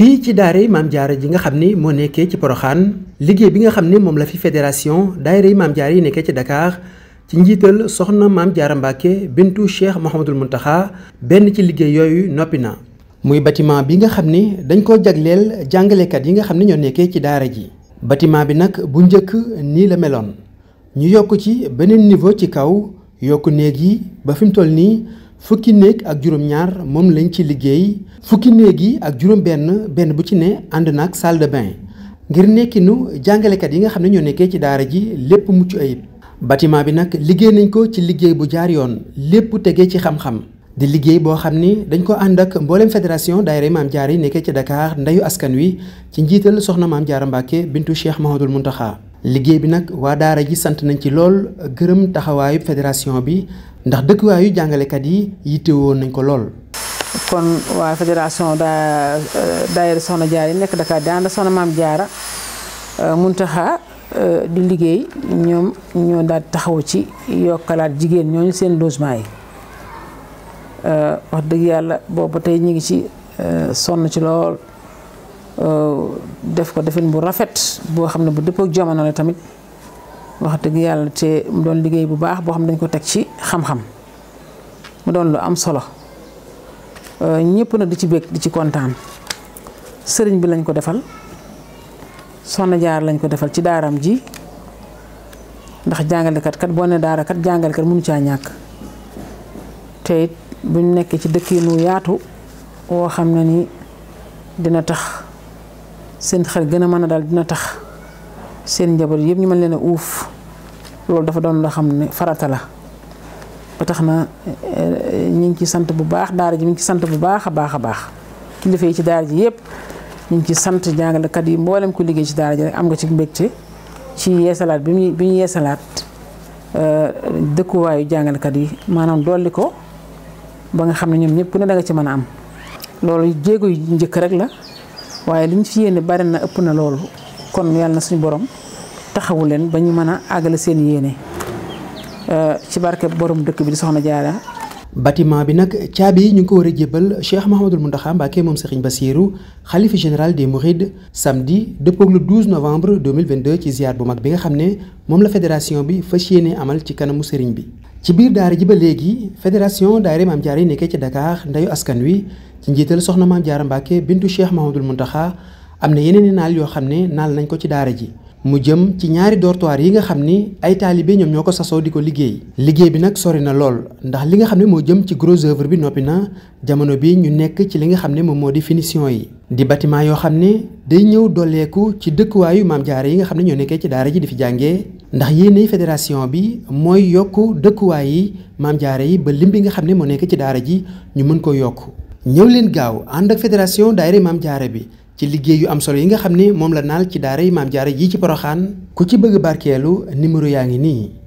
fii ci daayira Maam Jaara ji nga xam ni moo nekkee ci Poroxaan liggéey bi nga xam ni moom la fi fédération daayira Maam Jaara yi nekkee ci dakaar ci njiital soxna Maam Jaara Mbàkke bintu Cheikh Mouhamadul Muntaxa benn ci liggéey yooyu noppi na muy bâtiment bi nga xam ni dañ koo jagleel jàngalekat yi nga xam ne ñoo nekkee ci daara ji bâtiment bi nag bu njëkk nii la meloon ñu yokk ci beneen niveau ci kaw yokk néeg yi ba fi mu nii fukki néeg ak juróom-ñaar moom lañ ci liggéey fukki néeg yi ak juróom-benn benn bu ci ne ànd na ak salle de bain ngir nekkinu jàngalekat yi nga xam ne ñoo nekkee ci daara ji lépp mucc ayib. bâtiment bi nag liggéey nañ ko ci liggéey bu jaar yoon lépp tegee ci xam-xam di liggéey boo xam ni dañ ko ànd ak mboolem fédération daayira Maam Jaara yi nekkee ci dakaar ndeyu askan wi ci njiital soxna Maam Jaara Mbàkke bintu Cheikh Mahamadul Muntaxa liggéey bi nag waa daara ji sant nañ ci lool gërëm taxawaayu fédération bi ndax dëkkuwaayu jàngalekat yi yittewoo nañ ko lool. kon waa fédération daa daayira Soxna Jaara yi nekk Dakar di ànd Soxna Maam Jaara euh, Muntaxa euh, di liggéey ñoom ñoo daal taxaw ci yokkalaat jigéen ñooñu seen logement yi euh, wax dëgg yàlla boobu tey ñu ngi ci sonn ci lool. def ko defin bu rafet boo xam ne bu dëppoo jamono la tamit wax dëgg yàlla te mu doon liggéey bu baax boo xam ne dañ ko teg ci xam-xam mu doon lu am solo euh, ñëpp na di ci bég di ci kontaan sëriñ bi lañ ko defal soxna jaar lañ ko defal ci daaram ji ndax jàngalekat kat boo ne daara kat jàngalekat mënu caa ñàkk te it buñ nekkee ci dëkk yi yaatu woo xam ne nii dina tax. seen xel gën a mën a daal dina tax seen njaboot yëpp ñu mën leen a uuf loolu dafa doon la xam ne farata la ba tax na eh, ñu ngi ci sant bu baax daara ji mi ngi ci sant bu baax a baax a baax kilifa yi ci daara ji yëpp ñu ngi ci sant jàngalekat yi mboolem ku liggéey ci daara ji rek am nga ci mbégte ci yeesalaat bi ñu bi ñu yeesalaat eh, dëkkuwaayu jàngalekat yi maanaam dolli ko ba nga xam ne ñoom ñëpp ku ne danga ci mën a am loolu jéego yu njëkk rek la. waaye liñ fi yéene bari na ëpp na loolu kon yàlla na suñu borom taxawu leen ba ñu mën a àggale seen yéene euh, ci barke borom dëkk bi di soxna jaara bâtiment bi nag caabi yi ñu ngi ko war a jébbal Cheikh Mahamadul Mountakha Mbacké moom ba Bassirou xalifa général des Mourides samedi dëppoog le 12 novembre 2022 ci ziar bu mag bi nga xam ne moom la fédération bi fas yéene amal ci kanamu Serigne bi ci biir daara ji ba léegi fédération daayira Maam Jaara yi nekkee ci Dakar ndeyu askan wi ci njiital soxna Maam Jaara Mbàkke bintu Cheikh Mahamadul Muntaxa am na yeneen i naal yoo xam ne naal nañ ko ci daara ji mu jëm ci ñaari dortoir yi nga xam ni ay taalibe ñoom ñoo ko sasoo di ko liggéey liggéey bi nag sori na lool ndax li nga xam ne moo jëm ci gros œuvre bi noppi na jamono bi ñu nekk ci li nga xam ne moom moo di finition yi di bâtiment yoo xam ne day ñëw dooleeku ci dëkkuwaayu Maam Jaara yi nga xam ne ñoo nekkee ci daara ji di fi jàngee ndax yéene fédération bi mooy yokk dëkkuwaay yi maam jaare yi ba lim bi nga xam ne moo nekk ci daara ji ñu mën ko yokk ñëw leen gaaw ànd ak fédération daayira maam jaare bi ci liggéey yu am solo yi nga xam ne moom la naal ci daara yi maam jaare yi ci poroxaan ku ci bëgg barkeelu numéro yaa ngi nii